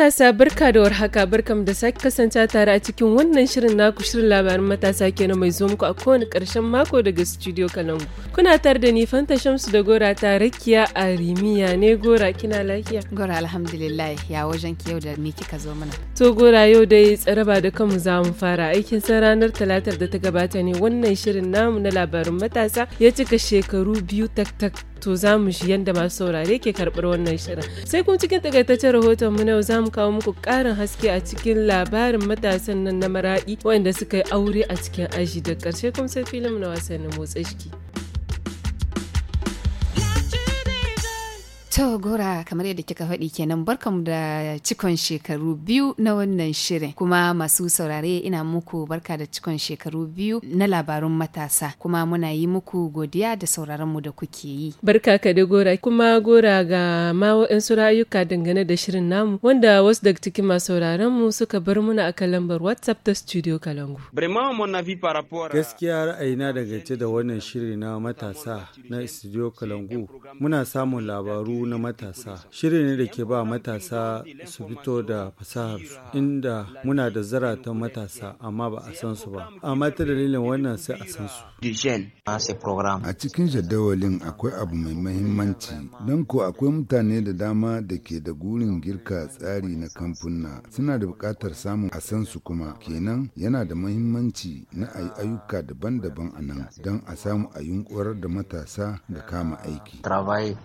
matasa barka da warhaka barkam da sake kasance tare a cikin wannan shirin naku shirin labarin matasa kenan mai zo muku a kowane karshen mako daga studio kalangu kuna tar da ni fanta shamsu da gora ta rakiya a rimiya ne gora kina lafiya gora alhamdulillah ya wajen ki yau da ni kika zo mana to gora yau dai tsaraba da kanmu za mu fara aikin san ranar talatar da ta gabata ne wannan shirin namu na labarin matasa ya cika shekaru biyu taktak. to za mu shi yadda masu saurare ke karɓar wannan shirin sai kuma cikin takaitaccen rahoton mu yau za mu kawo muku ƙarin haske a cikin labarin matasan nan na maraɗi waɗanda suka yi aure a cikin aji da ƙarshe kuma sai filin na wasannin motsa jiki. To gora kamar yadda kika faɗi kenan barkamu da cikon shekaru biyu na wannan shirin kuma masu saurare ina muku barka da cikon shekaru biyu na labarun matasa kuma muna yi muku godiya da sauraronmu da kuke yi. Barka ka da gora kuma gora ga ma waɗansu rayuka dangane da shirin namu wanda wasu daga cikin masu sauraron suka bar muna akan lambar WhatsApp ta Studio Kalangu. Gaskiya ra'ayina daga da wannan shiri na matasa na Studio Kalangu muna samun labaru na matasa shiri ne da ke ba matasa su fito da fasahar su inda muna da zaratan matasa amma ba a san su ba amma ta dalilin wannan sai a san su a cikin jadawalin akwai abu mai mahimmanci don ko akwai mutane da dama da ke da gurin girka tsari na kamfuna suna da buƙatar samun a san su kuma kenan yana da mahimmanci na a ayyuka daban-daban a nan don a samu a yunkurar da matasa da kama aiki.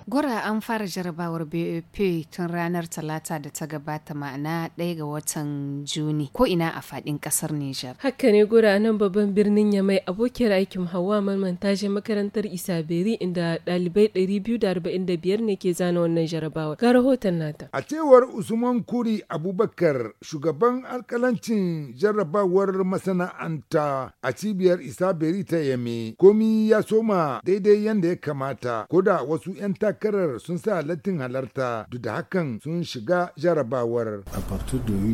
Gura an fara jihar jarabawar BOP tun ranar Talata da ta gabata ma'ana ɗaya ga watan Juni ko ina a faɗin ƙasar Nijar. Haka ne gura nan babban birnin Yamai abokiyar aikin hawa Malman ta je makarantar beri inda ɗalibai 245 ne ke zana wannan jarabawar. Ga rahoton nata. A cewar Usman Kuri Abubakar shugaban alkalancin jarabawar masana'anta a cibiyar Isaberi ta Yame komi ya soma daidai yanda ya kamata ko da wasu 'yan takarar sun sa da latin halarta duk da hakan sun shiga jarabawar.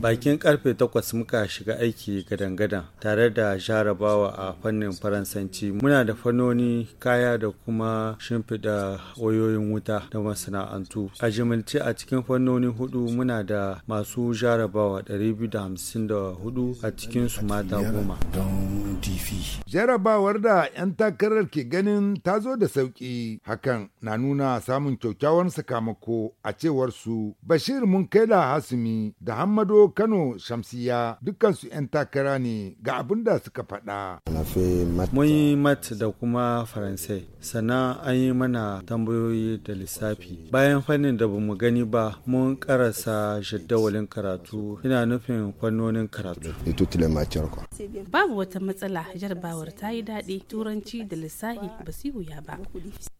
Bakin karfe takwas muka shiga aiki gadan-gadan tare da jarabawa a fannin faransanci muna da fannoni kaya da kuma shimfiɗa wayoyin wuta da masana'antu. A jimilci a cikin fannoni hudu muna da masu jarabawa 254 a cikin su mata goma. Jarabawar da 'yan takarar ke ganin ta zo da sauƙi hakan na nuna samun kyakkyawan sakamako a cewar su Bashir Munkaila Hasumi da Hammado Kano Shamsiya dukansu 'yan takara ne ga abin da suka faɗa. Mun yi mat da kuma Faransai, sannan an yi mana tambayoyi da lissafi. Bayan fannin da bamu gani ba, mun karasa jadawalin karatu, ina nufin fannonin karatu. Babu wata matsala jarabawar ta yi daɗi, turanci da lissafi ba su wuya ba.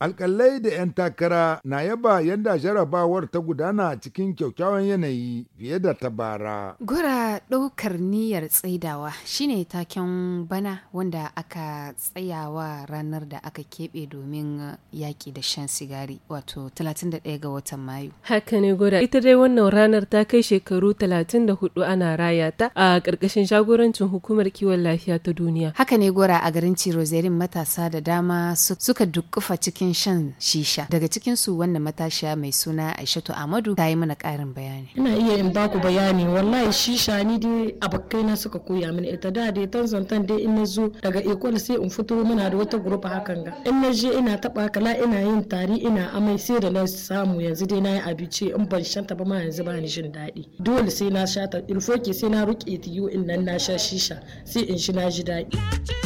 Alƙalai da 'yan takara na yaba yadda jarabawar ta gudana cikin kyaukyawan yanayi fiye da ta bara. Gura ɗaukar niyyar tsaidawa shine taken bana wanda aka tsayawa ranar da aka keɓe domin uh, yaƙi da shan sigari wato 31 ga watan Mayu. Haka ne gura ita dai wannan ranar ta kai shekaru 34 ana raya ta a ƙarƙashin jagorancin hukumar kiwon lafiya ta duniya. Haka ne gura a garin Cirozerin matasa da dama suka dukkufa cikin shan shisha daga cikinsu wannan matashi matashiya mai suna aishatu amadu ta yi mana karin bayani ina iya in baku bayani wallahi shisha ni dai abokai na suka koya mini ita da dai tan zantan dai in na zo daga ekol sai in fito muna da wata gurupa hakan ga in na je ina taba kala ina yin tari ina amai sai da na samu yanzu dai na yi abinci in ban shanta ba ma yanzu ba ni jin daɗi dole sai na sha ta ilfoke sai na rike tiyo in nan na sha shisha sai in shi na ji daɗi.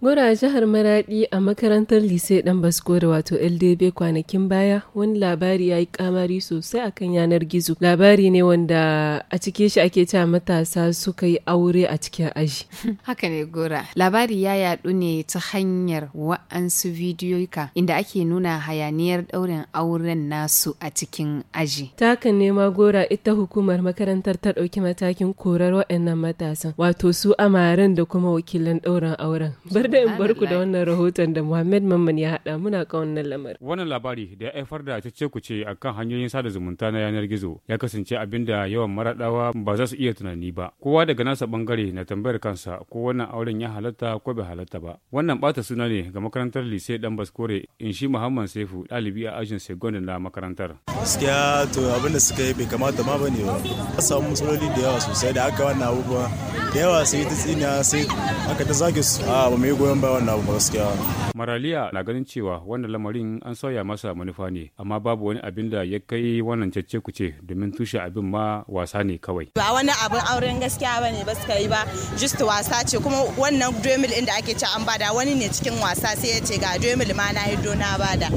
Gora jihar Maradi a makarantar Lise Dan Baskore wato LDB kwanakin baya wani labari ya yi kamari sosai a kan yanar gizo. Labari ne wanda a cike shi ake cewa matasa suka yi aure a cikin aji. Haka ne Gora. Labari ya yaɗu ne ta hanyar wa'ansu bidiyoyika inda ake nuna hayaniyar ɗaurin auren nasu a cikin aji. Ta hakan ne ma Gora ita hukumar makarantar ta ɗauki matakin korar waɗannan matasan wato su amaren da kuma wakilan ɗaurin auren. da in barku da wannan rahoton da Muhammad Mamman ya haɗa muna ka wannan lamarin. Wannan labari da ya haifar da ce a akan hanyoyin sada zumunta na yanar gizo ya kasance abin da yawan maraɗawa ba za su iya tunani ba. Kowa daga nasa bangare na tambayar kansa ko wannan auren ya halatta ko bai halatta ba. Wannan bata suna ne ga makarantar lise dan Baskore in shi Muhammad Sefu ɗalibi a ajin Segon na makarantar. Gaskiya to abin da suka yi bai kamata ma bane ba. Ka samu matsaloli da yawa sosai da aka wannan abubuwa da yawa sai ta tsina sai aka ta zage su. A ba mai goyon baya wannan abu gaskiya maraliya na ganin cewa wannan lamarin an sauya masa manufa ne amma babu wani abin da ya kai wannan cece kuce domin tushe abin ma wasa ne kawai ba wani abin auren gaskiya ba ne ba suka yi ba just wasa ce kuma wannan dremel inda ake ci an bada wani ne cikin wasa sai ya ce ga dremel ma na hiddo na bada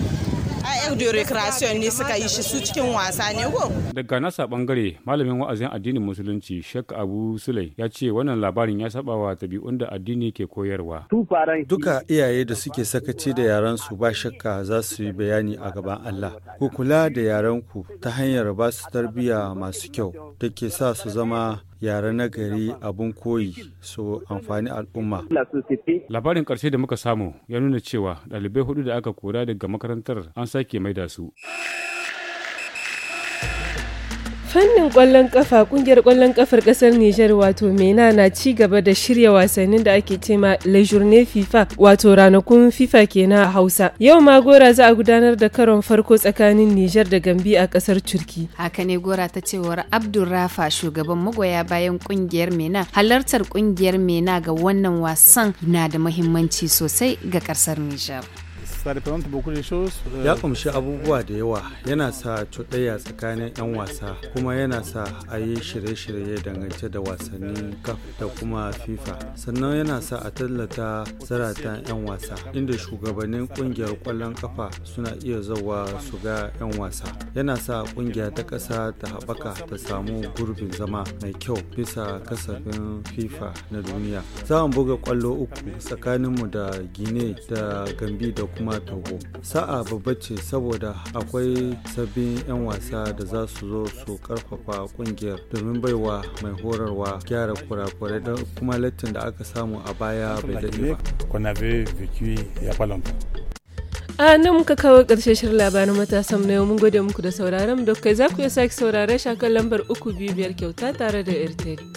a audio recreation ne suka yi shi su cikin wasa ne ko daga nasa bangare malamin wa'azin addinin musulunci Sheikh Abu Sulai ya ce wannan labarin ya saba wa tabi'un da addini ke koyarwa duka iyaye da suke sakaci da yaran su ba shakka za su yi bayani a gaban Allah ku kula da yaran ku ta hanyar ba su tarbiyya masu kyau da ke sa su zama yare na gari abun koyi su amfani al'umma. Labarin ƙarshe da muka samu ya nuna cewa ɗalibai hudu da aka kora daga makarantar an sake da su. fannin kwallon kafa kungiyar kwallon kafar kasar Nijar wato MENA na ci gaba da shirya wasannin da ake cema Le Journée FIFA wato ranakun FIFA kenan a Hausa. Yau ma Gora za a gudanar da karon farko tsakanin Nijar da Gambi a kasar Turki. Haka ne Gora ta cewar Abdul Rafa shugaban magoya bayan kungiyar MENA halartar kungiyar MENA ga wannan wasan na da muhimmanci sosai ga kasar Nijar. Eh, ya kumshi abubuwa da yawa yana sa cuɗayya tsakanin 'yan wasa kuma yana sa a yi shirye-shirye dangance da wasannin kaf da kuma fifa sannan yana sa a tallata zaratan 'yan wasa inda shugabannin kungiyar kwallon kafa suna iya zawa su ga 'yan wasa yana sa kungiya ta ƙasa ta haɓaka ta samu gurbin zama mai kyau bisa kasafin fifa na duniya za mu buga kwallo uku tsakaninmu da gine da gambi da kuma ma taho sa'a babba ce saboda akwai sabbin 'yan wasa da za su zo su karfafa kungiyar domin baiwa mai horarwa gyara kurakurai da kuma lattin da aka samu a baya bai daɗe ba a nan muka kawo ƙarshen shirin labarin matasan na yau mun gode muku da sauraron da kai za ku iya sake sauraron shakar lambar uku biyu kyauta tare da airtel